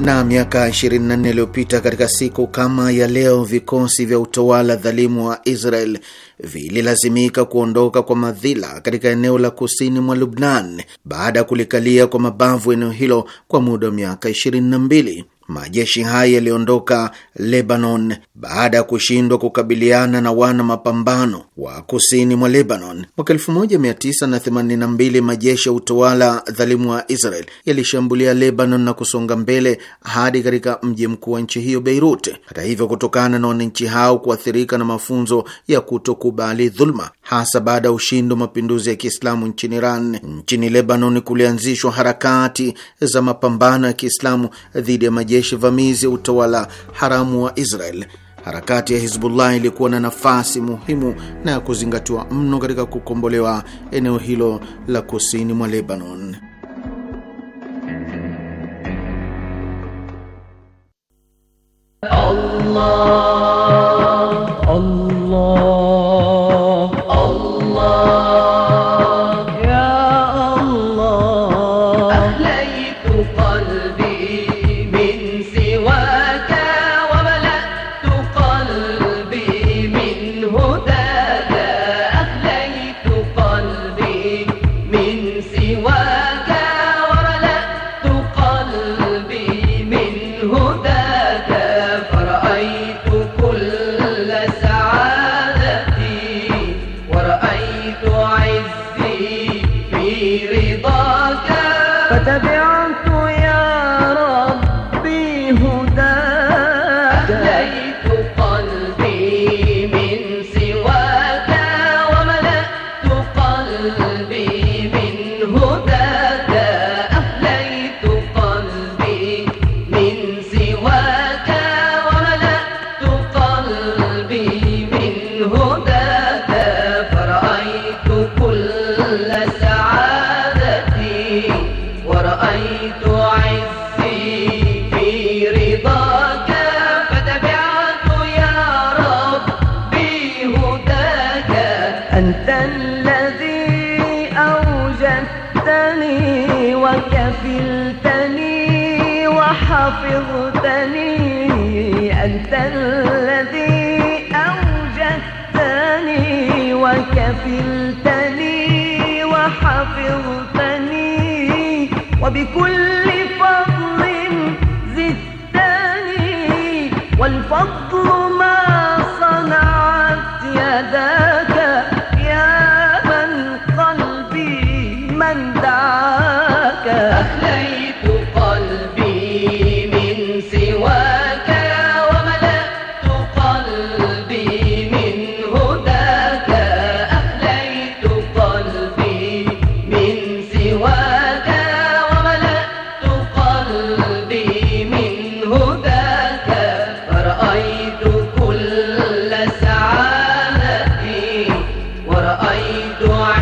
Na miaka 24 iliyopita katika siku kama ya leo, vikosi vya utawala dhalimu wa Israel vililazimika kuondoka kwa madhila katika eneo la kusini mwa Lubnan baada ya kulikalia kwa mabavu eneo hilo kwa muda wa miaka 22. Majeshi haya yaliondoka Lebanon baada ya kushindwa kukabiliana na wana mapambano wa kusini mwa Lebanon. Mwaka 1982 majeshi ya utawala dhalimu wa Israel yalishambulia Lebanon na kusonga mbele hadi katika mji mkuu wa nchi hiyo Beirut. Hata hivyo, kutokana na wananchi hao kuathirika na mafunzo ya kutokubali dhuluma, hasa baada ya ushindi wa mapinduzi ya Kiislamu nchini Iran, nchini Lebanon kulianzishwa harakati za mapambano ya Kiislamu dhidi ya majeshi majeshi vamizi ya utawala haramu wa Israel, harakati ya Hizbullah ilikuwa na nafasi muhimu na ya kuzingatiwa mno katika kukombolewa eneo hilo la kusini mwa Lebanon. Allah, Allah. بكل ورأيت عيني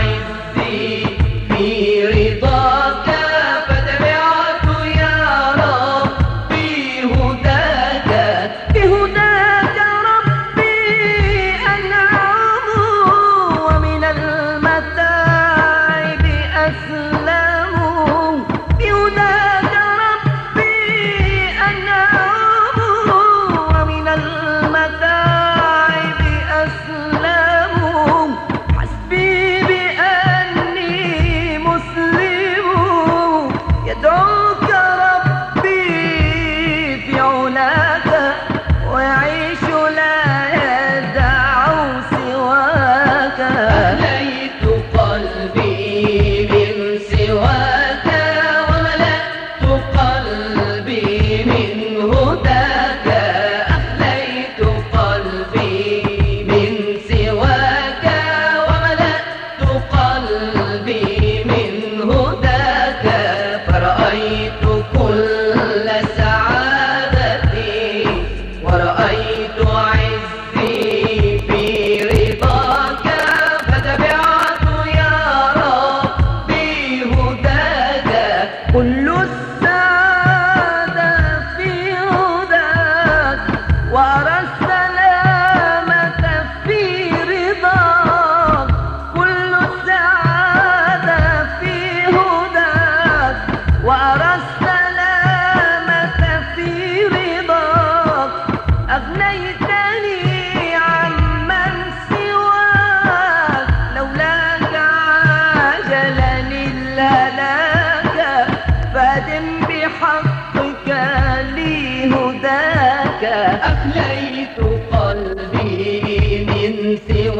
لي هداك أخليت قلبي من سوى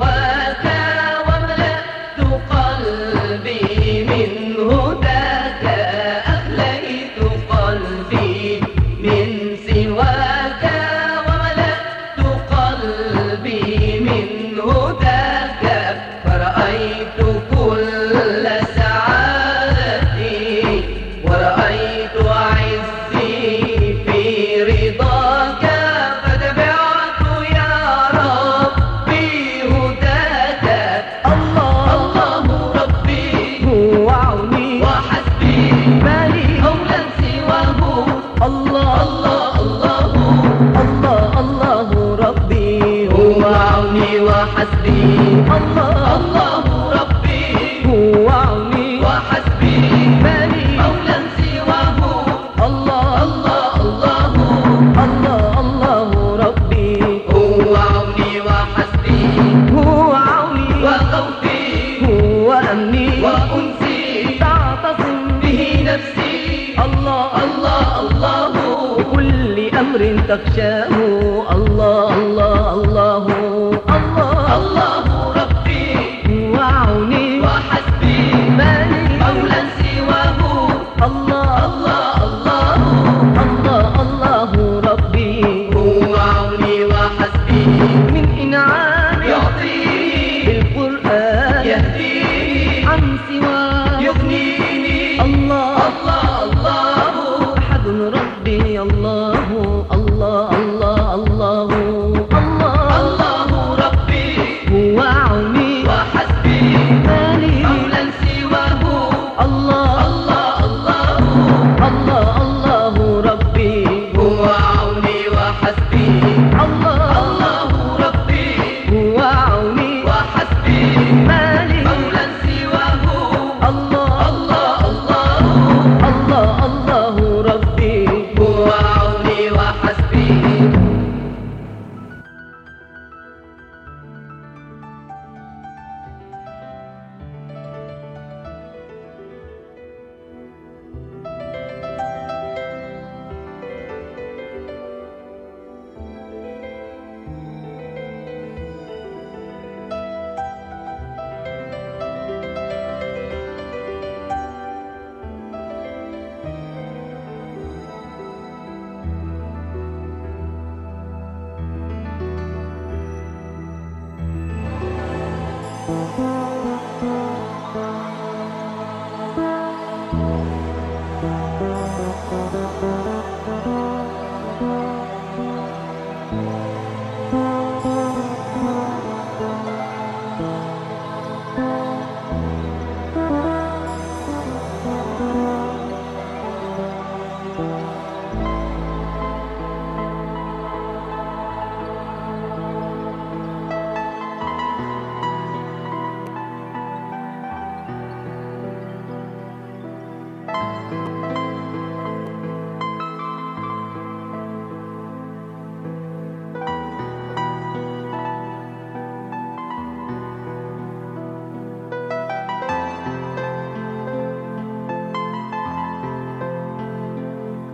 takşehu Allah Allah Allahu Allah Allah, Allah.